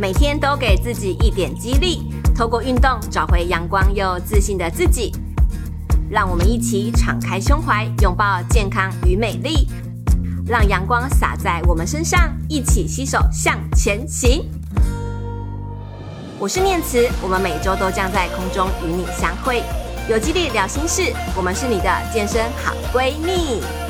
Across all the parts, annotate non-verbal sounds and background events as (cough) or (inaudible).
每天都給自己一點激勵，透過運動找回陽光又自信的自己。讓我們一起敞開胸懷，擁抱健康與美麗，讓陽光灑在我們身上，一起攜手向前行。我是念慈，我們每週都將在空中與你相會，有激勵聊心事，我們是你的健身好閨蜜。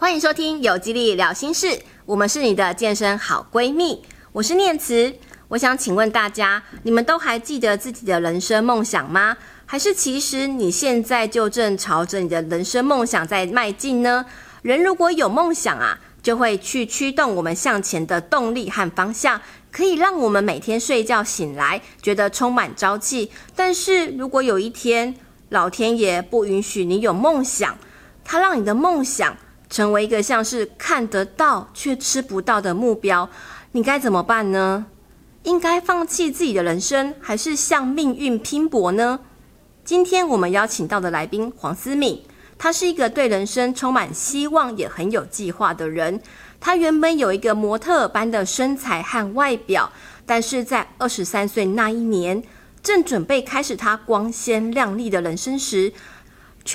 歡迎收聽《有肌力聊心事》，我們是你的健身好閨蜜，我是念慈。我想請問大家，你們都還記得自己的人生夢想嗎？還是其實你現在就正朝着你的人生夢想在邁進呢？人如果有夢想啊，就會去驅動我們向前的動力和方向，可以讓我們每天睡覺醒來覺得充滿朝氣。但是如果有一天老天爺不允許你有夢想，他讓你的夢想，成為一個像是看得到卻吃不到的目標，你該怎麼辦呢？應該放棄自己的人生，還是向命運拼搏呢？今天我們邀請到的來賓黃思敏，她是一個對人生充滿希望也很有計劃的人。她原本有一個模特般的身材和外表，但是在二十三歲那一年，正準備開始她光鮮亮麗的人生時，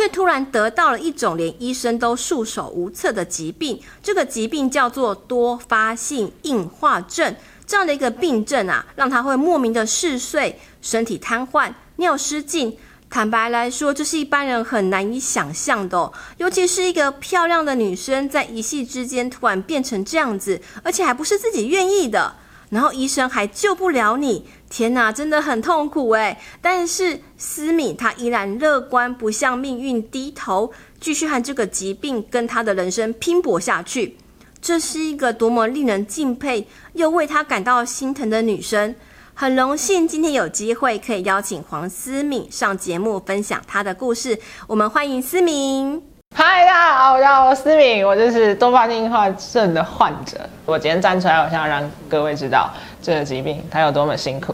卻突然得到了一種連醫生都束手無策的疾病，這個疾病叫做多發性硬化症。這樣的一個病症啊，讓她會莫名的嗜睡、身體癱瘓、尿失禁。坦白來說，這是一般人很難以想象的哦，尤其是一個漂亮的女生，在一夕之間突然變成這樣子，而且還不是自己願意的，然後醫生還救不了你。天吶，真的很痛苦哎！但是思敏她依然樂觀，不向命運低頭，繼續和這個疾病跟她的人生拼搏下去。這是一個多麼令人敬佩又為她感到心疼的女生。很榮幸今天有機會可以邀請黃思敏上節目分享她的故事。我們歡迎思敏。嗨，大家好，我叫我思敏，我就是多發性硬化症的患者。我今天站出來，我想讓各位知道這個疾病它有多麼辛苦。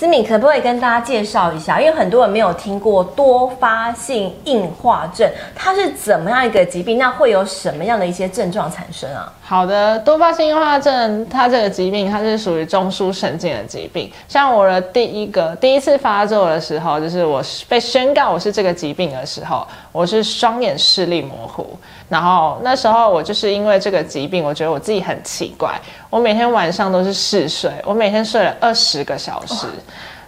思敏 (noise) 可不可以跟大家介紹一下？因為很多人沒有聽過多發性硬化症，它是怎麼樣一個疾病？那會有什麼樣的一些症狀產生啊？好的，多發性硬化症，它這個疾病它是屬於中樞神經的疾病。像我的第一個第一次發作的時候，就是我被宣告我是這個疾病的時候。我是雙眼視力模糊，然後那時候我就是因為這個疾病，我覺得我自己很奇怪。我每天晚上都是嗜睡，我每天睡了二十個小時，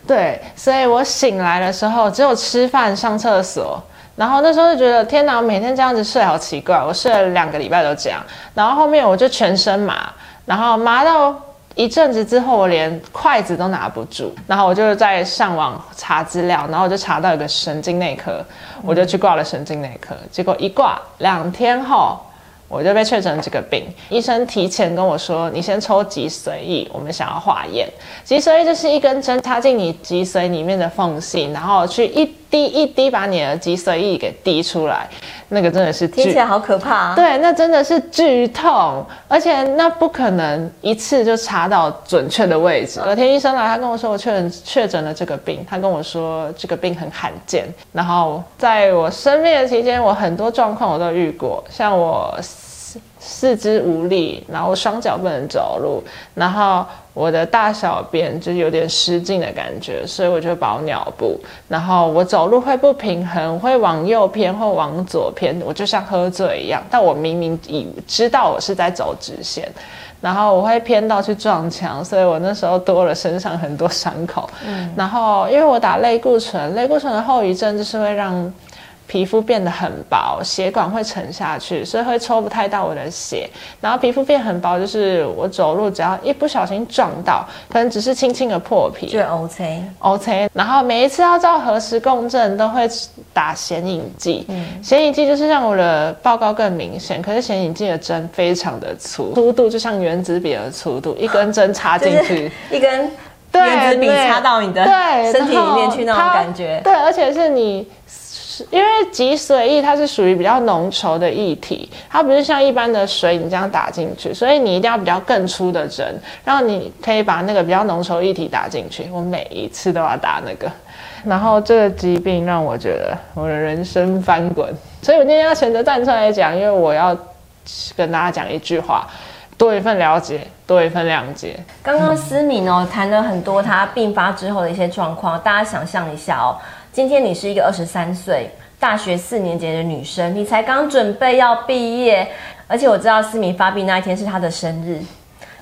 對，所以我醒來的時候只有吃飯、上廁所。然後那時候就覺得天哪，我每天這樣子睡好奇怪，我睡了兩個禮拜都這樣。然後後面我就全身麻，然後麻到。一陣子之後，我連筷子都拿不住，然後我就在上網查資料，然後我就查到一個神經內科、嗯，我就去掛了神經內科，結果一掛，兩天後我就被確診了這個病。醫生提前跟我說，你先抽脊髓液，我們想要化驗。脊髓液就是一根針插進你脊髓裡面的縫隙，然後去一。滴一滴，把你的脊髓液給滴出來，那個真的是聽起來好可怕啊。對，那真的是劇痛，而且那不可能一次就查到準確的位置。隔天醫生來，他跟我說我確診確診了這個病，他跟我說這個病很罕見。然後在我生病的期間，我很多狀況我都遇過，像我。四肢無力，然後雙腳不能走路，然後我的大小便就有點失禁的感覺，所以我就包尿布。然後我走路會不平衡，會往右偏，或往左偏，我就像喝醉一樣。但我明明已知道我是在走直線，然後我會偏到去撞牆，所以我那時候多了身上很多傷口。嗯，然後因為我打類固醇，類固醇的後遺症就是會讓。皮膚變得很薄，血管會沉下去，所以會抽不太到我的血。然後皮膚變很薄，就是我走路只要一不小心撞到，可能只是輕輕的破皮就 OK。OK。然後每一次要照核磁共振都會打顯影劑，顯影劑、嗯、顯影劑就是讓我的報告更明顯。可是顯影劑的針非常的粗，粗度就像原子筆的粗度，一根針插進去，就是、一根原子筆插到你的身體裡面去那種感覺。對，對對而且是你。因為脊髓液，它是屬於比較濃稠的液體，它不是像一般的水你這樣打進去，所以你一定要比較更粗的針，然後你可以把那個比較濃稠液體打進去。我每一次都要打那個，然後這個疾病讓我覺得我的人生翻滾，所以我今天要選擇站出來講，因為我要跟大家講一句話，多一份了解，多一份諒解。剛剛思敏哦、嗯、談了很多他病發之後的一些狀況，大家想象一下哦。今天你是一個二十三歲大學四年級的女生，你才剛準備要畢業，而且我知道思敏發病那一天是她的生日，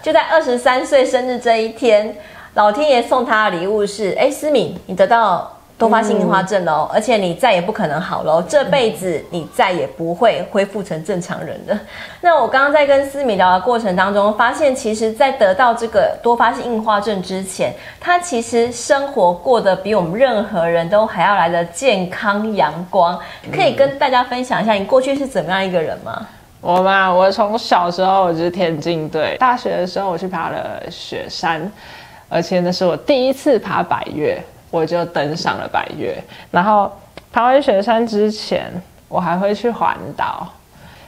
就在二十三歲生日這一天，老天爺送她的禮物是，哎，思敏，你得到。多發性硬化症嘍、嗯，而且你再也不可能好嘍、嗯，這輩子你再也不會恢復成正常人的。那我剛剛在跟思敏聊的過程當中，發現其實，在得到這個多發性硬化症之前，他其實生活過得比我們任何人都還要來得健康陽光、嗯。可以跟大家分享一下，你過去是怎麼樣一個人嗎？我嘛，我從小時候我就是田徑隊，大學的時候我去爬了雪山，而且那是我第一次爬百岳。我就登上了百岳，然後爬完雪山之前，我還會去環島，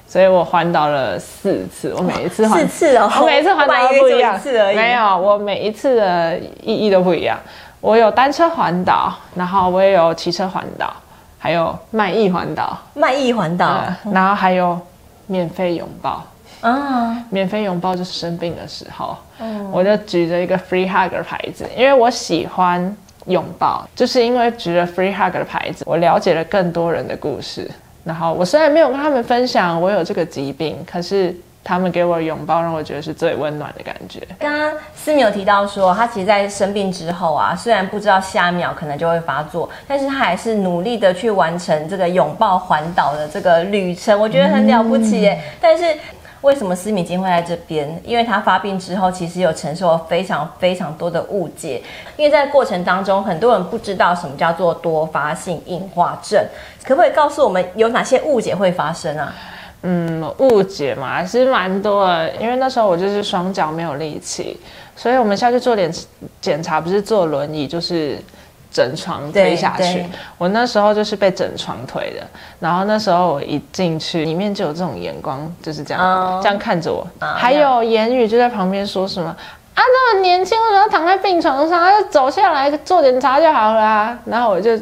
所以我環島了四次，我每一次環四次哦，我每一次環島都不一樣一，沒有，我每一次的意義都不一樣。我有單車環島，然後我也有騎車環島，還有賣藝環島，賣藝環島，然後還有免費擁抱，啊、嗯，免費擁抱就是生病的時候，嗯、我就舉着一個 free hug 的牌子，因為我喜歡。擁抱，就是因為舉了 Free Hug 的牌子，我了解了更多人的故事。然後我雖然沒有跟他們分享我有這個疾病，可是他們給我的擁抱讓我覺得是最溫暖的感覺。剛剛思敏有提到說，他其實，在生病之後啊，雖然不知道下一秒可能就會發作，但是他還是努力的去完成這個擁抱環島的這個旅程，我覺得很了不起耶、欸嗯。但是為什麼思敏今會在這邊？因為他發病之後，其實有承受了非常非常多的誤解。因為在過程當中，很多人不知道什麼叫做多發性硬化症，可不可以告訴我們有哪些誤解會發生啊？嗯，誤解嘛，還是蠻多的。因為那時候我就是雙腳沒有力氣，所以我們下去做點檢查，不是坐輪椅就是。整床推下去，我那時候就是被整床推的。然後那時候我一進去，裡面就有這種眼光，就是這樣，oh. 這樣看着我，oh. 還有言語就在旁邊說什麼：“ oh. 啊，那麼年輕為什麼躺在病床上，他就走下來做檢查就好了、啊。”然後我就，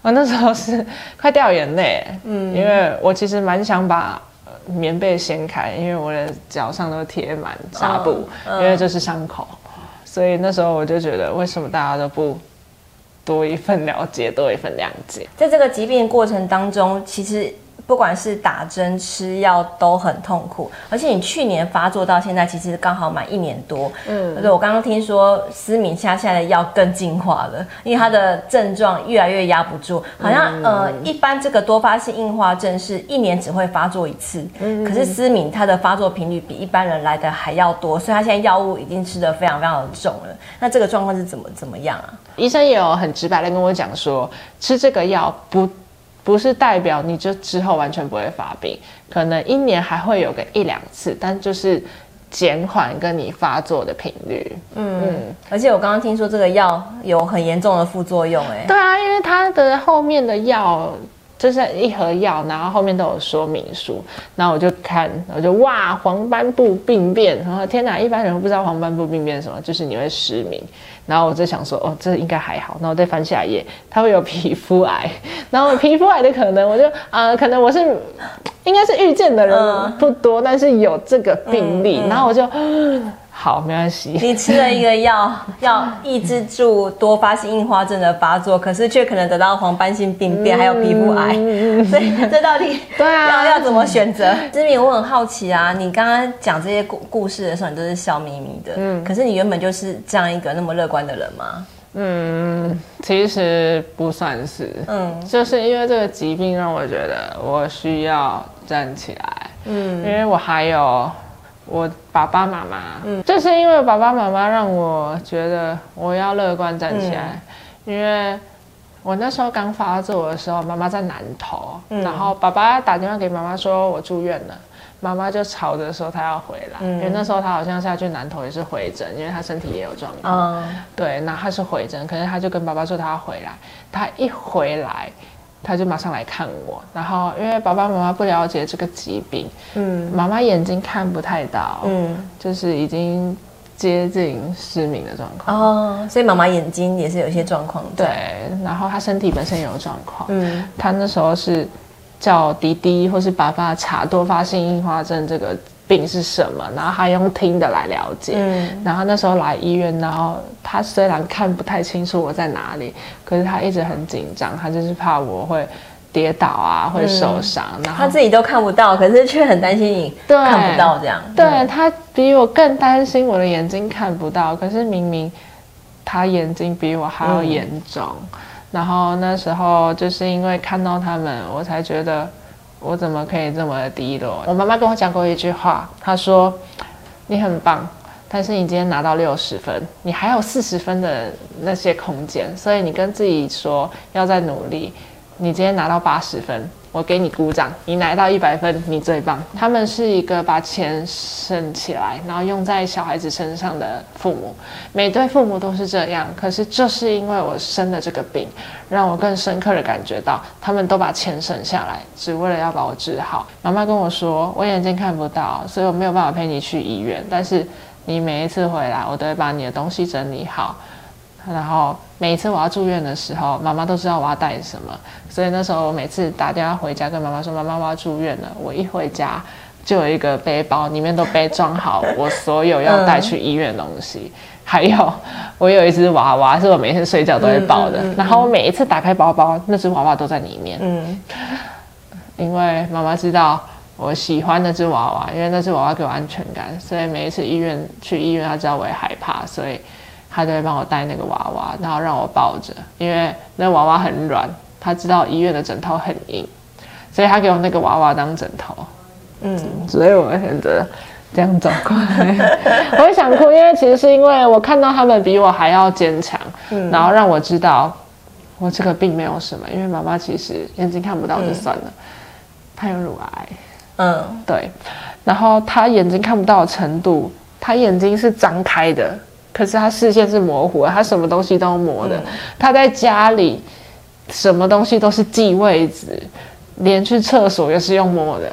我那時候是快掉眼淚，嗯、mm.，因為我其實蠻想把棉被掀開，因為我的腳上都貼滿紗布，oh. 因為這是傷口，oh. 所以那時候我就覺得為什麼大家都不。多一份了解，多一份諒解。在這個疾病過程當中，其實不管是打針、吃藥都很痛苦。而且你去年發作到現在，其實剛好滿一年多。嗯，而且我剛剛聽說思敏，下現在的藥更進化了，因為他的症狀越來越壓不住。好像、嗯、呃，一般這個多發性硬化症是一年只會發作一次。嗯，嗯，嗯，可是思敏他的發作頻率比一般人來的還要多，所以他現在藥物已經吃得非常非常的重了。那這個狀況是怎麼怎麼樣啊？醫生也有很直白地跟我講說，吃這個藥不，不是代表你就之後完全不會發病，可能一年還會有個一兩次，但就是減緩跟你發作的頻率嗯。嗯，而且我剛剛聽說這個藥有很嚴重的副作用，欸，哎。對啊，因為它的後面的藥。就是一盒藥，然後後面都有說明書，然後我就看，我就哇，黃斑部病變，然後天哪，一般人不知道黃斑部病變什麼，就是你會失明，然後我就想說，哦，這應該還好，然後我再翻下一頁，它會有皮膚癌，然後皮膚癌的可能，我就啊、呃，可能我是應該是遇見的人不多、嗯，但是有這個病例，然後我就。嗯嗯好，沒關係。你吃了一個藥，要抑制住多發性硬化症的發作，可是卻可能得到黃斑性病變，還有皮膚癌。嗯。所以這到底對啊？要要怎麼選擇？思敏，我很好奇啊！你剛剛講這些故故事的時候，你都是笑眯眯的。嗯。可是你原本就是這樣一個那麼樂觀的人嗎？嗯，其實不算是。嗯。就是因為這個疾病讓我覺得我需要站起來。嗯。因為我還有。我爸爸媽媽，嗯，就是因為爸爸媽媽讓我覺得我要樂觀站起來，嗯、因為，我那時候剛發作的時候，媽媽在南投，嗯，然後爸爸打電話給媽媽說，我住院了，媽媽就吵着說她要回來，嗯，因為那時候她好像下去南投也是回診，因為她身體也有狀況，嗯、對，那她是回診，可是她就跟爸爸說她要回來，她一回來。他就馬上來看我，然後因為爸爸媽媽不了解這個疾病，嗯，媽媽眼睛看不太到，嗯，就是已經接近失明的狀況，哦，所以媽媽眼睛也是有一些狀況，對，對然後她身體本身也有狀況，嗯，她那時候是叫滴滴或是爸爸查多發性硬化症這個。病是什麼？然後他用聽的來了解。嗯。然後那時候來醫院，然後他雖然看不太清楚我在哪裡，可是他一直很緊張，嗯，他就是怕我會跌倒啊，會受傷，嗯。然後他自己都看不到，可是卻很擔心你看不到這樣。對，對他比我更擔心我的眼睛看不到，可是明明他眼睛比我還要嚴重，嗯。然後那時候就是因為看到他們，我才覺得。我怎麼可以這麼的低落？我媽媽跟我講過一句話，她說：“你很棒，但是你今天拿到六十分，你還有四十分的那些空間，所以你跟自己說要再努力，你今天拿到八十分。”我給你鼓掌，你拿到一百分，你最棒。他們是一個把錢省起來，然後用在小孩子身上的父母，每對父母都是這樣。可是，就是因為我生的這個病，讓我更深刻地感覺到，他們都把錢省下來，只為了要把我治好。媽媽跟我說，我眼睛看不到，所以我沒有辦法陪你去醫院，但是你每一次回來，我都會把你的東西整理好。然後每一次我要住院的時候，媽媽都知道我要帶什麼，所以那時候我每次打電話回家跟媽媽說：“媽媽，我要住院了。”我一回家就有一個背包，裡面都被裝好我所有要帶去醫院的東西， (laughs) 嗯、還有我有一隻娃娃，是我每天睡覺都會抱的。嗯嗯嗯、然後我每一次打開包包、嗯，那隻娃娃都在裡面。嗯，因為媽媽知道我喜歡那隻娃娃，因為那隻娃娃給我安全感，所以每一次醫院去醫院，她知道我也害怕，所以。他就會幫我帶那個娃娃，然後讓我抱着，因為那娃娃很軟。他知道醫院的枕頭很硬，所以他給我那個娃娃當枕頭。嗯，所以我選擇這樣走過來。 (laughs) 我也想哭，因為其實是因為我看到他們比我還要堅強、嗯，然後讓我知道我這個病沒有什麼。因為媽媽其實眼睛看不到就算了，她、嗯、有乳癌。嗯，對。然後她眼睛看不到的程度，她眼睛是張開的。可是他視線是模糊的，他什麼東西都摸的、嗯。他在家裡，什麼東西都是記位置，連去廁所也是用摸的。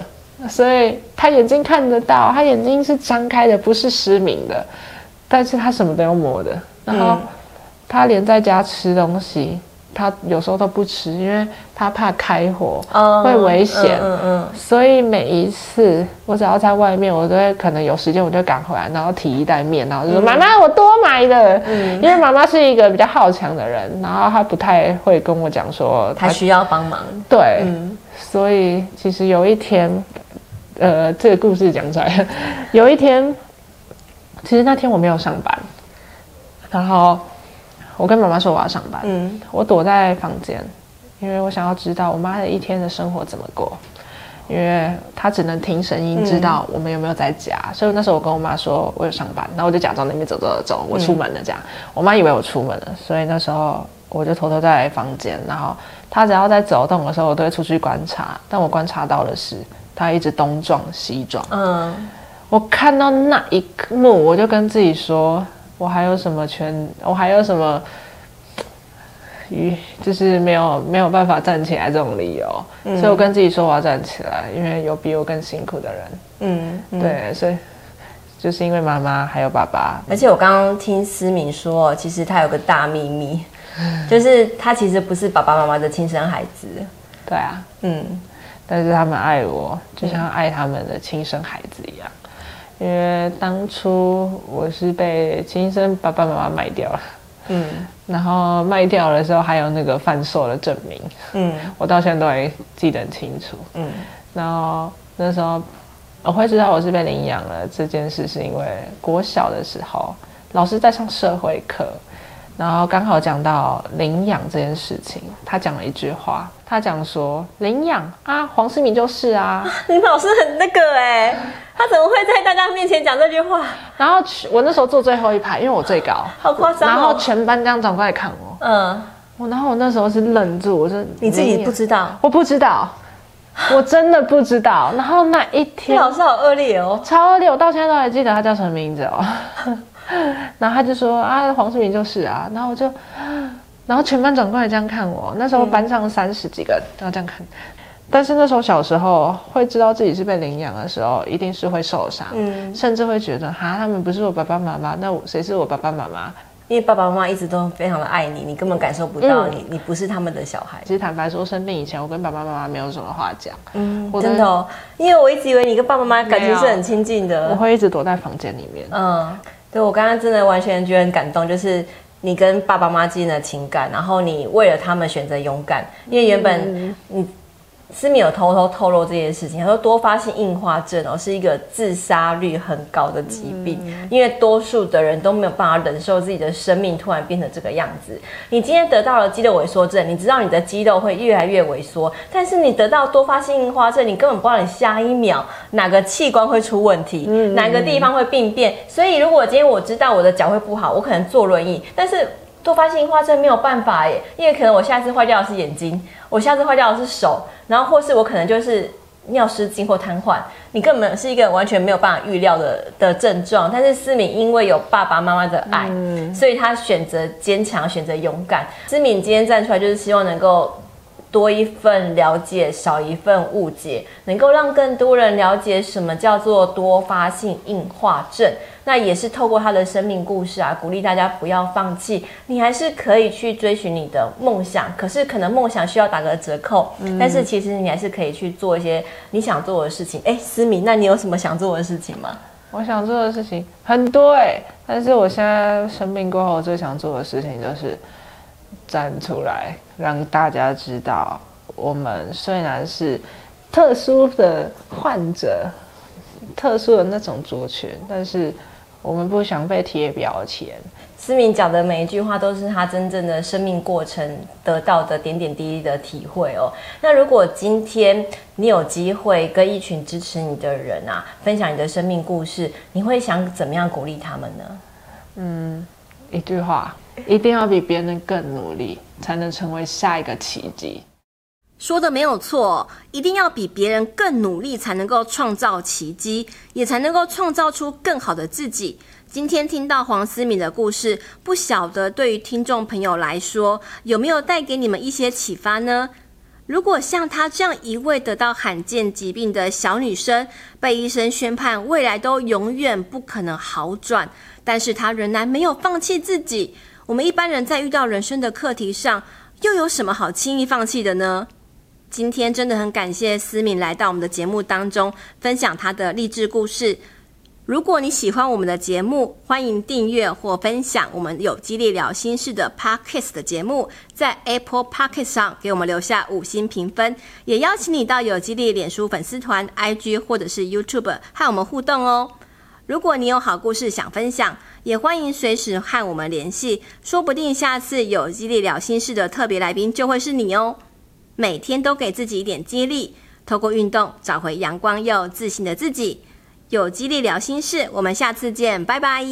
所以他眼睛看得到，他眼睛是張開的，不是失明的。但是他什麼都要摸的、嗯，然後他連在家吃東西。他有時候都不吃，因為他怕開火，嗯、會危險。嗯嗯，嗯。所以每一次我只要在外面，我都會可能有時間，我就趕回來，然後提一袋麵，然後就說：“嗯、媽媽，我多買的。”嗯。因為媽媽是一個比較好強的人，然後他不太會跟我講說他需要幫忙。對。嗯。所以其實有一天，呃，這個故事講出來，有一天，其實那天我沒有上班，然後。我跟媽媽說我要上班，嗯，我躲在房間，因為我想要知道我媽的一天的生活怎麼過，因為她只能聽聲音知道我們有沒有在家，嗯、所以那時候我跟我媽說我要上班，然後我就假裝在那邊走走走，我出門了這樣，嗯，我媽以為我出門了，所以那時候我就偷偷在房間，然後她只要在走動的時候，我都會出去觀察，但我觀察到的是她一直東撞西撞，嗯，我看到那一幕，我就跟自己說。我還有什麼權？我還有什麼？咦，就是沒有沒有辦法站起來這種理由，嗯，所以我跟自己說我要站起來，因為有比我更辛苦的人。嗯，嗯對，所以就是因為媽媽還有爸爸。而且我剛剛聽思敏說，其實他有個大秘密，就是他其實不是爸爸媽媽的親生孩子。 (laughs) 對啊，嗯，但是他們愛我，就像愛他們的親生孩子一樣。因為當初我是被親生爸爸媽媽賣掉了，嗯，然後賣掉的時候還有那個販售的證明，嗯，我到現在都還記得很清楚，嗯，然後那時候我會知道我是被領養了這件事，是因為國小的時候老師在上社會課。然後剛好講到領養這件事情，他講了一句話，他講說領養啊，黃思敏就是啊，你老師很那個哎、欸，他怎麼會在大家面前講這句話？然後我那時候坐最後一排，因為我最高， (laughs) 好誇張、哦。然後全班這樣轉過來看我、哦，嗯，我然後我那時候是愣住，我說你自己不知道，我不知道，我真的不知道。 (laughs) 然後那一天，老師好惡劣哦，超惡劣，我到現在都還記得他叫什麼名字哦。 (laughs) 然後他就說啊，黃思敏就是啊。然後我就，然後全班轉過來這樣看我。那時候班上三十幾個、嗯，然後這樣看。但是那時候小時候會知道自己是被領養的時候，一定是會受傷，嗯，甚至會覺得哈，他們不是我爸爸媽媽，那誰是我爸爸媽媽？因為爸爸媽媽一直都非常的愛你，你根本感受不到你，你、嗯、你不是他們的小孩。其實坦白說，生病以前我跟爸爸媽媽沒有什麼話講，嗯，我真的、哦，因為我一直以為你跟爸爸媽媽感情是很親近的，我會一直躲在房間裡面，嗯。對，我剛剛真的完全覺得很感動，就是你跟爸爸媽媽之間的情感，然後你為了他們選擇勇敢，因為原本你。思敏有偷偷透露這件事情，他說多發性硬化症哦是一個自殺率很高的疾病、嗯，因為多數的人都沒有辦法忍受自己的生命突然變成這個樣子。你今天得到了肌肉萎縮症，你知道你的肌肉會越來越萎縮，但是你得到多發性硬化症，你根本不知道你下一秒哪個器官會出問題，嗯、哪個地方會病變、嗯。所以如果今天我知道我的腳會不好，我可能坐輪椅，但是。多發性硬化症沒有辦法耶，因為可能我下次壞掉的是眼睛，我下次壞掉的是手，然後或是我可能就是尿失禁或癱瘓，你根本是一個完全沒有辦法預料的的症狀。但是思敏因為有爸爸媽媽的愛，嗯，所以他選擇堅強，選擇勇敢。思敏今天站出來，就是希望能夠多一份了解，少一份誤解，能夠讓更多人了解什麼叫做多發性硬化症。那也是透過他的生命故事啊，鼓勵大家不要放棄，你還是可以去追尋你的夢想。可是可能夢想需要打個折扣，嗯，但是其實你還是可以去做一些你想做的事情。哎、欸，思敏，那你有什麼想做的事情嗎？我想做的事情很多哎，欸，但是我現在生病過後，我最想做的事情就是站出來，讓大家知道，我們雖然是特殊的患者，特殊的那種族群，但是。我們不想被貼標籤。思敏講的每一句話都是他真正的生命過程得到的點點滴滴的體會哦。那如果今天你有機會跟一群支持你的人啊，分享你的生命故事，你會想怎麼樣鼓勵他們呢？嗯，一句話， (laughs) 一定要比別人更努力，才能成為下一個奇蹟。說的沒有錯，一定要比別人更努力，才能夠創造奇蹟，也才能夠創造出更好的自己。今天聽到黃思敏的故事，不曉得對於聽眾朋友來說，有沒有帶給你們一些啟發呢？如果像她這樣一位得到罕見疾病的小女生，被醫生宣判未來都永遠不可能好轉，但是她仍然沒有放棄自己。我們一般人在遇到人生的課題上，又有什麼好輕易放棄的呢？今天真的很感謝思敏來到我們的節目當中，分享她的勵志故事。如果你喜歡我們的節目，歡迎訂閱或分享我們有激勵聊心事的 Podcast 的節目，在 Apple Podcast 上給我們留下五星評分，也邀請你到有激勵臉書粉絲團、IG 或者是 YouTube 和我們互動哦。如果你有好故事想分享，也歡迎隨時和我們聯繫，說不定下次有激勵聊心事的特別來賓就會是你哦。每天都給自己一點激勵，透過運動找回陽光又自信的自己。有激勵聊心事，我們下次見，拜拜。